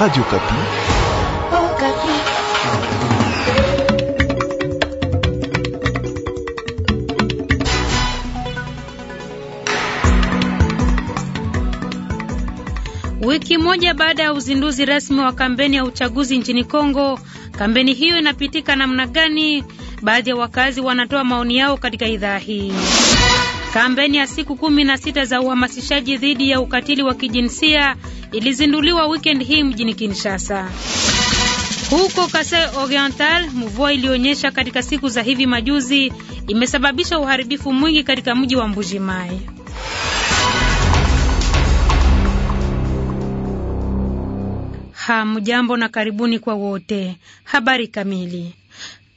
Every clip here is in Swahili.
Radio Kapi. Oh, Kapi. Wiki moja baada ya uzinduzi rasmi wa kampeni ya uchaguzi nchini Kongo, kampeni hiyo inapitika namna gani? Baadhi ya wakazi wanatoa maoni yao katika idhaa hii. Kampeni ya siku kumi na sita za uhamasishaji dhidi ya ukatili wa kijinsia ilizinduliwa weekend hii mjini Kinshasa. Huko Kasai Oriental, mvua ilionyesha katika siku za hivi majuzi imesababisha uharibifu mwingi katika mji wa Mbujimai. Hamjambo na karibuni kwa wote. Habari kamili.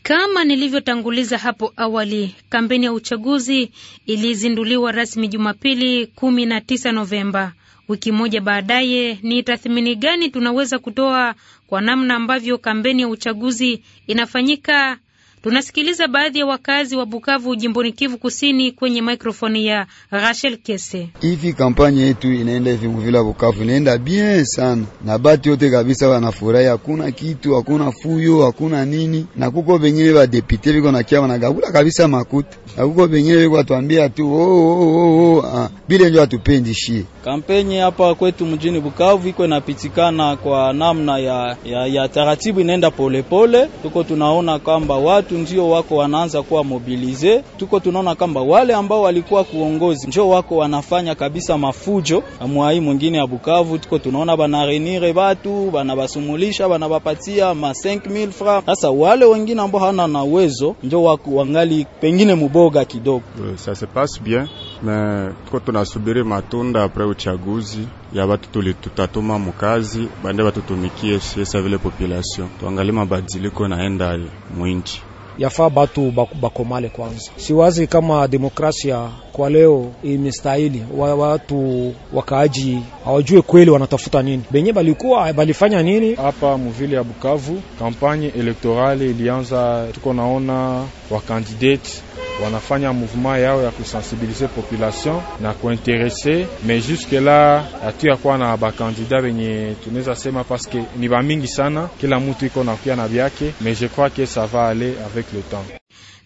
Kama nilivyotanguliza hapo awali, kampeni ya uchaguzi ilizinduliwa rasmi Jumapili 19 Novemba. Wiki moja baadaye, ni tathmini gani tunaweza kutoa kwa namna ambavyo kampeni ya uchaguzi inafanyika? Tunasikiliza baadhi ya wakazi wa Bukavu jimboni Kivu Kusini kwenye mikrofoni ya Rachel Kese. Hivi kampanye yetu inaenda hivi Muvila Bukavu inaenda bien sana, na bati yote kabisa wanafurahi, hakuna kitu, hakuna fuyo, hakuna nini, na kuko vengine vadepite viko nakia kia wanagabula kabisa makuta, na kuko vengine viko atwambia tu oh, oh, oh, oh, ah. Bile njo atupendishie Kampeni hapa kwetu mjini Bukavu iko inapitikana kwa namna ya, ya, ya taratibu, inaenda polepole. Tuko tunaona kwamba watu ndio wako wanaanza kuwa mobilize, tuko tunaona kwamba wale ambao walikuwa kuongozi ndio wako wanafanya kabisa mafujo mwai mwingine ya Bukavu. Tuko tunaona bana renire batu bana basumulisha bana bapatia ma 5000 francs. Sasa wale wengine ambao hana na uwezo ndio wako wangali pengine muboga kidogo. Ça se passe bien mais tuko tunasubiri matunda après uchaguzi ya batu tuli tutatuma mukazi bande batutumikie siesa vile population, tuangalie mabadiliko naenda mwinchi yafaa batu bakomale kwanza. Siwazi kama demokrasia kwa leo imestahili watu wakaaji hawajue kweli wanatafuta nini, benye balikuwa balifanya nini. Hapa muvile ya Bukavu kampanye elektorale ilianza, tuko naona wakandidate wanafanya mouvement yao ya kusensibilize population na kuinterese me juske la hatuyakuwa na bakandida benye tuneza sema paske ni ba mingi sana, kila mutu iko nakuya na byake, mais je crois que ça va aller avec le temps.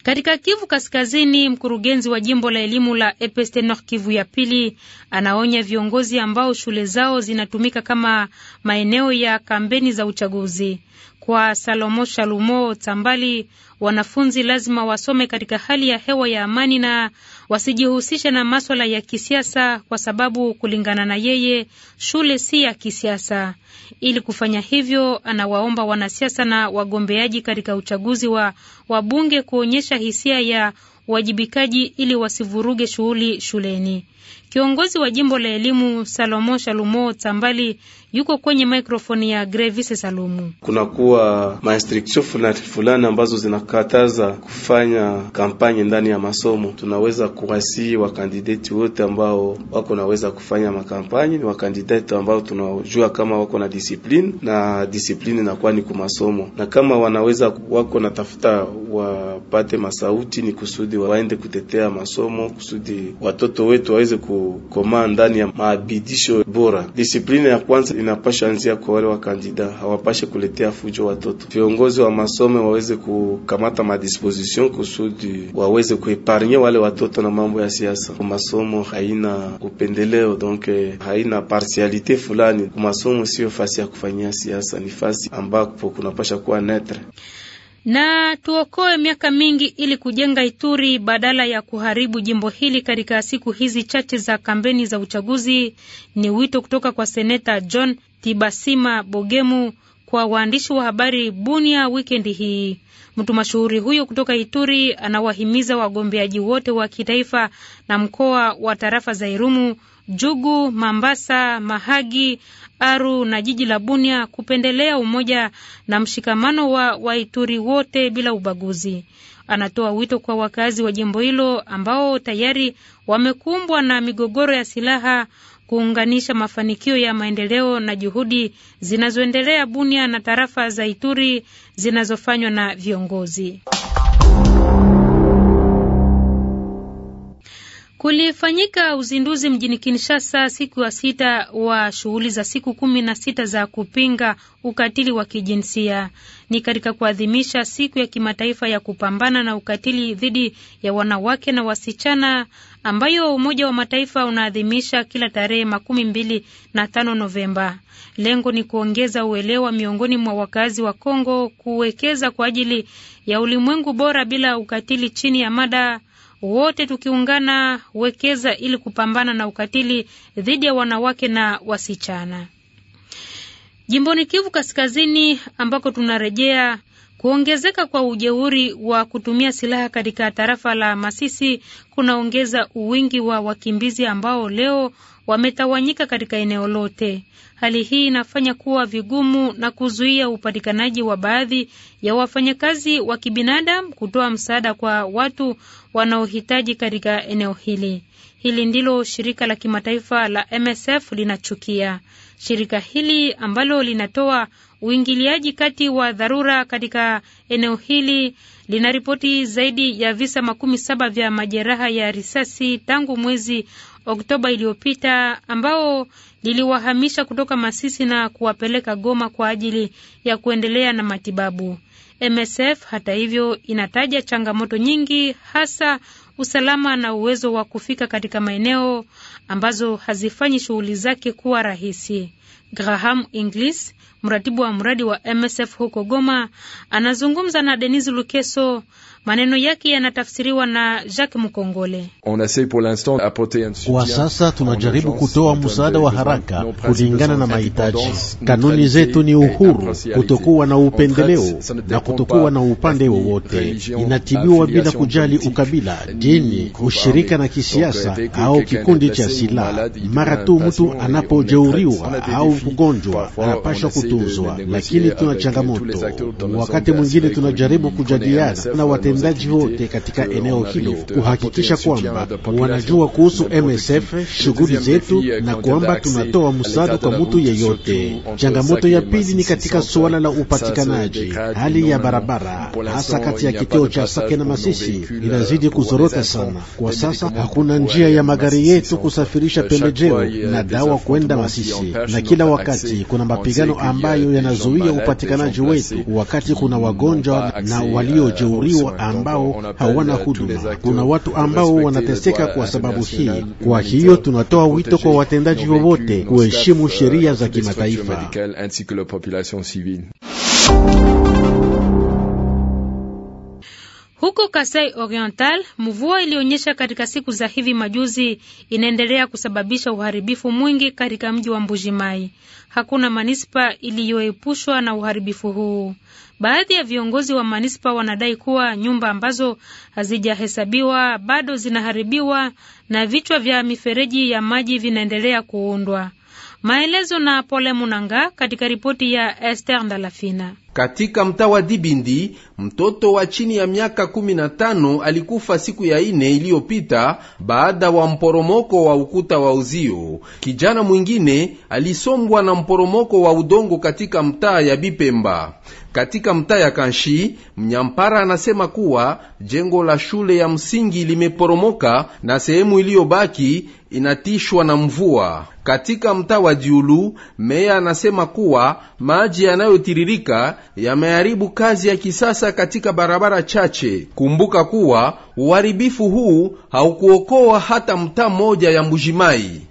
Katika Kivu Kaskazini, mkurugenzi wa jimbo la elimu la EPST Nord Kivu ya pili anaonya viongozi ambao shule zao zinatumika kama maeneo ya kampeni za uchaguzi kwa Salomo Shalumo Tambali, wanafunzi lazima wasome katika hali ya hewa ya amani na wasijihusishe na maswala ya kisiasa, kwa sababu kulingana na yeye, shule si ya kisiasa. Ili kufanya hivyo, anawaomba wanasiasa na wagombeaji katika uchaguzi wa wabunge kuonyesha hisia ya uwajibikaji ili wasivuruge shughuli shuleni. Kiongozi wa jimbo la elimu Salomo Shalumo Tambali yuko kwenye mikrofoni ya Grevis Salumu. Kunakuwa mainstriktio fulani fulani ambazo zinakataza kufanya kampanye ndani ya masomo. Tunaweza kuwasii wakandideti wote ambao wako naweza kufanya makampanye, ni wakandideti ambao tunajua kama wako na disipline na disipline inakuwa ni kumasomo, na kama wanaweza wako natafuta wapate masauti, ni kusudi waende kutetea masomo, kusudi watoto wetu waweze kukomaa ndani ya maabidisho bora. Disipline ya kwanza inapasha anzia kwa wale wa kandida, hawapashe kuletea fujo watoto. Viongozi wa masomo waweze kukamata madisposition kusudi waweze kuepargne wale watoto na mambo ya siasa. Masomo haina upendeleo, donc haina partialite fulani. Masomo sio fasi ya kufanyia siasa, ni fasi ambapo kunapasha kuwa netre na tuokoe miaka mingi ili kujenga Ituri badala ya kuharibu jimbo hili katika siku hizi chache za kampeni za uchaguzi. Ni wito kutoka kwa seneta John Tibasima Bogemu kwa waandishi wa habari Bunia wikendi hii. Mtu mashuhuri huyo kutoka Ituri anawahimiza wagombeaji wote wa kitaifa na mkoa wa tarafa za Irumu Jugu, Mambasa, Mahagi, Aru na jiji la Bunia kupendelea umoja na mshikamano wa Waituri wote bila ubaguzi. Anatoa wito kwa wakazi wa jimbo hilo ambao tayari wamekumbwa na migogoro ya silaha kuunganisha mafanikio ya maendeleo na juhudi zinazoendelea Bunia na tarafa za Ituri zinazofanywa na viongozi. Kulifanyika uzinduzi mjini Kinshasa siku ya sita wa shughuli za siku kumi na sita za kupinga ukatili wa kijinsia. Ni katika kuadhimisha siku ya kimataifa ya kupambana na ukatili dhidi ya wanawake na wasichana ambayo Umoja wa Mataifa unaadhimisha kila tarehe makumi mbili na tano Novemba. Lengo ni kuongeza uelewa miongoni mwa wakazi wa Kongo, kuwekeza kwa ajili ya ulimwengu bora bila ukatili chini ya mada wote tukiungana wekeza ili kupambana na ukatili dhidi ya wanawake na wasichana. Jimboni Kivu Kaskazini ambako tunarejea kuongezeka kwa ujeuri wa kutumia silaha katika tarafa la Masisi kunaongeza uwingi wa wakimbizi ambao leo wametawanyika katika eneo lote. Hali hii inafanya kuwa vigumu na kuzuia upatikanaji wa baadhi ya wafanyakazi wa kibinadamu kutoa msaada kwa watu wanaohitaji katika eneo hili. Hili ndilo shirika la kimataifa la MSF linachukia. Shirika hili ambalo linatoa uingiliaji kati wa dharura katika eneo hili lina ripoti zaidi ya visa makumi saba vya majeraha ya risasi tangu mwezi Oktoba iliyopita ambao liliwahamisha kutoka Masisi na kuwapeleka Goma kwa ajili ya kuendelea na matibabu. MSF hata hivyo inataja changamoto nyingi, hasa usalama na uwezo wa kufika katika maeneo ambazo hazifanyi shughuli zake kuwa rahisi. Graham Inglis, mratibu wa mradi wa MSF huko Goma, anazungumza na Denis Lukeso. Maneno yake yanatafsiriwa na Jacques Mkongole. Kwa sasa tunajaribu kutoa msaada wa haraka kulingana na mahitaji. Kanuni zetu ni uhuru, kutokuwa na upendeleo na kutokuwa na upande wowote. Inatibiwa bila kujali ukabila, dini, ushirika na kisiasa au kikundi cha silaha. Mara tu mtu anapojeuriwa au mgonjwa, anapashwa kutuzwa, lakini tuna changamoto. Wakati mwingine tunajaribu kujadiliana na watendaji wote katika eneo hilo kuhakikisha kwamba wanajua kuhusu MSF, shughuli zetu, na kwamba tunatoa msaada kwa mtu yeyote. Changamoto ya pili ni katika suala la upatikanaji. Hali ya barabara hasa kati ya kituo cha Sake na Masisi inazidi kuzorota sana. Kwa sasa hakuna njia ya magari yetu kusafirisha pembejeo na dawa kwenda Masisi, na kila wakati kuna mapigano ambayo yanazuia upatikanaji wetu wakati kuna wagonjwa na waliojeuriwa ambao hawana eh, huduma. Kuna watu ambao wanateseka kwa sababu hii. Kwa hiyo tunatoa wito kwa watendaji wowote kuheshimu sheria euh, za kimataifa. Huko Kasai Oriental, mvua ilionyesha katika siku za hivi majuzi inaendelea kusababisha uharibifu mwingi katika mji wa Mbujimai. Hakuna manispa iliyoepushwa na uharibifu huu. Baadhi ya viongozi wa manispa wanadai kuwa nyumba ambazo hazijahesabiwa bado zinaharibiwa na vichwa vya mifereji ya maji vinaendelea kuundwa. Maelezo na Pole Munanga katika ripoti ya Esther Ndalafina katika mtaa wa Dibindi. Mtoto wa chini ya miaka 15 alikufa siku ya ine iliyopita baada wa mporomoko wa ukuta wa uzio. Kijana mwingine alisombwa na mporomoko wa udongo katika mtaa ya Bipemba. Katika mtaa ya Kanshi, mnyampara anasema kuwa jengo la shule ya msingi limeporomoka na sehemu iliyobaki inatishwa na mvua. Katika mtaa wa Jiulu, meya anasema kuwa maji yanayotiririka yameharibu kazi ya kisasa katika barabara chache. Kumbuka kuwa uharibifu huu haukuokoa hata mtaa mmoja ya Mbujimai.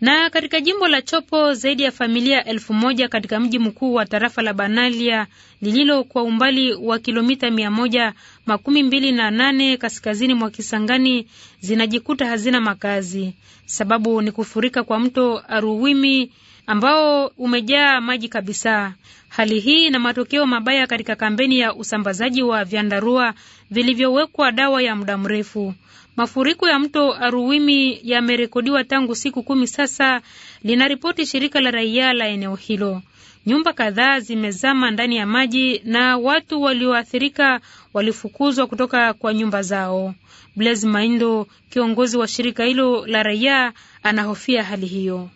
Na katika jimbo la Chopo zaidi ya familia elfu moja katika mji mkuu wa tarafa la Banalia lililo kwa umbali wa kilomita mia moja makumi mbili na nane kaskazini mwa Kisangani zinajikuta hazina makazi. Sababu ni kufurika kwa mto Aruwimi ambao umejaa maji kabisa. Hali hii na matokeo mabaya katika kampeni ya usambazaji wa vyandarua vilivyowekwa dawa ya muda mrefu. Mafuriko ya mto Aruwimi yamerekodiwa tangu siku kumi sasa, linaripoti shirika la raia la eneo hilo. Nyumba kadhaa zimezama ndani ya maji na watu walioathirika walifukuzwa kutoka kwa nyumba zao. Blaise Maindo, kiongozi wa shirika hilo la raia, anahofia hali hiyo.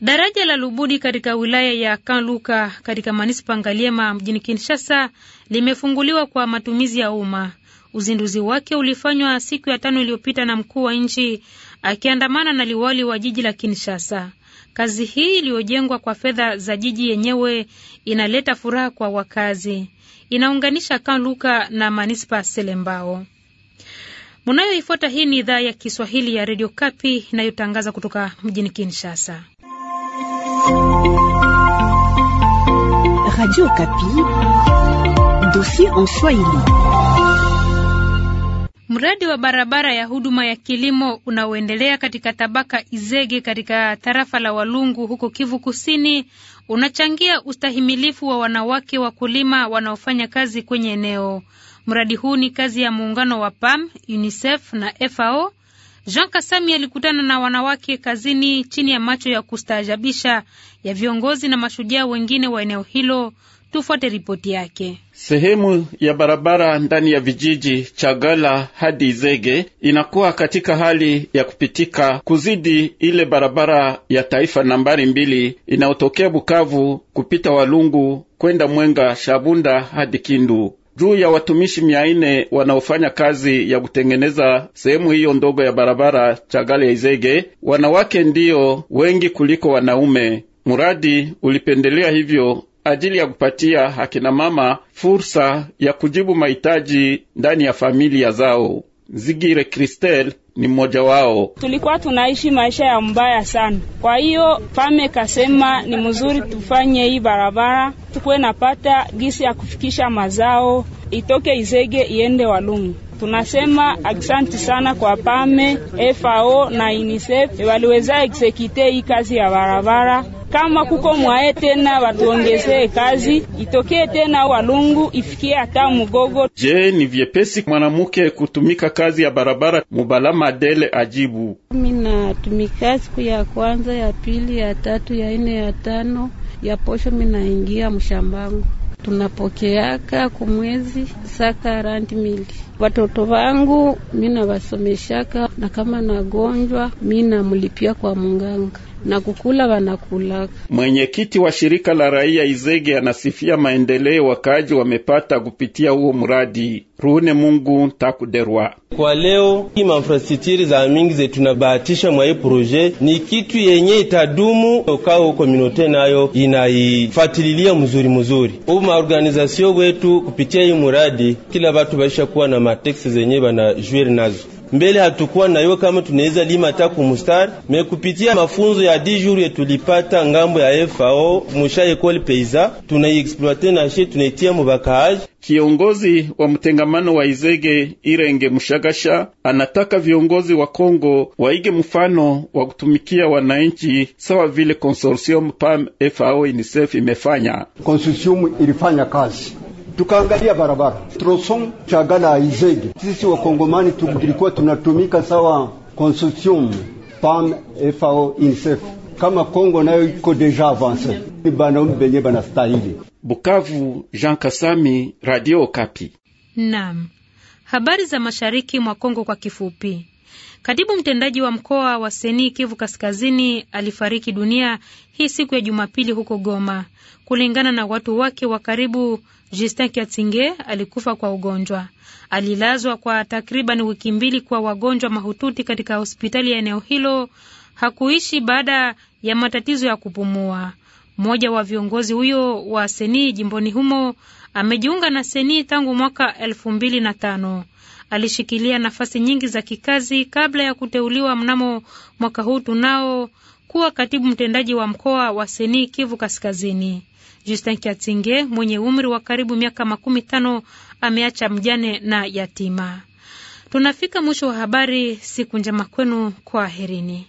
Daraja la Lubudi katika wilaya ya Kanluka katika manispa Ngaliema mjini Kinshasa limefunguliwa kwa matumizi ya umma. Uzinduzi wake ulifanywa siku ya tano iliyopita na mkuu wa nchi akiandamana na liwali wa jiji la Kinshasa. Kazi hii iliyojengwa kwa fedha za jiji yenyewe inaleta furaha kwa wakazi, inaunganisha Kanluka na manispa Selembao. Munayoifuata hii ni idhaa ya Kiswahili ya Redio Kapi inayotangaza kutoka mjini Kinshasa. Radio Kapi, dossier en Swahili. Mradi wa barabara ya huduma ya kilimo unaoendelea katika tabaka Izege katika tarafa la Walungu huko Kivu Kusini unachangia ustahimilifu wa wanawake wakulima wanaofanya kazi kwenye eneo. Mradi huu ni kazi ya muungano wa PAM, UNICEF na FAO Jean Kasami alikutana na wanawake kazini chini ya macho ya kustaajabisha ya viongozi na mashujaa wengine wa eneo hilo. Tufuate ripoti yake. Sehemu ya barabara ndani ya vijiji Chagala hadi Izege inakuwa katika hali ya kupitika kuzidi ile barabara ya taifa nambari mbili inayotokea Bukavu kupita Walungu kwenda Mwenga Shabunda hadi Kindu juu ya watumishi mia nne wanaofanya kazi ya kutengeneza sehemu hiyo ndogo ya barabara Chagale ya Izege, wanawake ndiyo wengi kuliko wanaume. Muradi ulipendelea hivyo ajili ya kupatia akina mama fursa ya kujibu mahitaji ndani ya familia zao. Zigire Kristel ni mmoja wao. Tulikuwa tunaishi maisha ya mbaya sana, kwa hiyo pame kasema ni mzuri tufanye hii barabara, tukuwe napata gisi ya kufikisha mazao itoke Izege iende Walungu. Tunasema aksanti sana kwa pame FAO na UNICEF waliweza eksekite hii kazi ya barabara kama kuko mwae tena watuongezee kazi itokee tena walungu ifikie hata Mugogo. Je, ni vyepesi mwanamke kutumika kazi ya barabara? Mubala Madele ajibu: minatumika siku ya kwanza ya pili ya tatu ya nne ya tano ya posho, minaingia mshambangu tunapokeaka kumwezi saka ranti mili watoto vangu minavasomeshaka, na kama nagonjwa minamlipia kwa munganga na kukula wanakula. Mwenyekiti wa shirika la raia Izege anasifia maendeleo wakaaji wamepata kupitia huo mradi. rune Mungu takuderwa kwa leo hii manfrastrukturi za mingi zetu tunabahatisha mwa hii proje ni kitu yenye itadumu ukao komunote nayo inaifuatilia mzuri mzuri. Ubu maorganizasio wetu kupitia hii muradi kila batu baisha kuwa na mateksi zenye bana juiri nazo mbele hatukuwa yo kama tunaweza lima hata kumustari kupitia mafunzo ya dijuru yetulipata ngambo ya FAO musha ekole peiza tunaiexploite nashe tunaitia mubakaaji. Kiongozi wa mtengamano wa Izege Irenge Mushagasha anataka viongozi wa Kongo waige mfano wa kutumikia wananchi sawa vile consortium PAM FAO UNICEF imefanya. Consortium ilifanya kazi tukaangalia barabara Troson Chagala Izege. Sisi Wakongomani tulikuwa tunatumika sawa consortium PAM FAO INSEF kama Kongo nayo iko deja avance, ni banaume benye banastahili. Bukavu, Jean Kasami, Radio Kapi. Naam, habari za mashariki mwa Kongo kwa kifupi. Katibu mtendaji wa mkoa wa Seni Kivu Kaskazini alifariki dunia hii siku ya Jumapili huko Goma. Kulingana na watu wake wa karibu, Justin Kiatsinge alikufa kwa ugonjwa. Alilazwa kwa takriban wiki mbili kwa wagonjwa mahututi katika hospitali ya eneo hilo. Hakuishi baada ya matatizo ya kupumua. Mmoja wa viongozi huyo wa Seni jimboni humo amejiunga na Seni tangu mwaka elfu mbili na tano alishikilia nafasi nyingi za kikazi kabla ya kuteuliwa mnamo mwaka huu tunao kuwa katibu mtendaji wa mkoa wa Seni Kivu Kaskazini. Justin Kiatinge mwenye umri wa karibu miaka makumi tano ameacha mjane na yatima. Tunafika mwisho wa habari. Siku njema kwenu, kwa aherini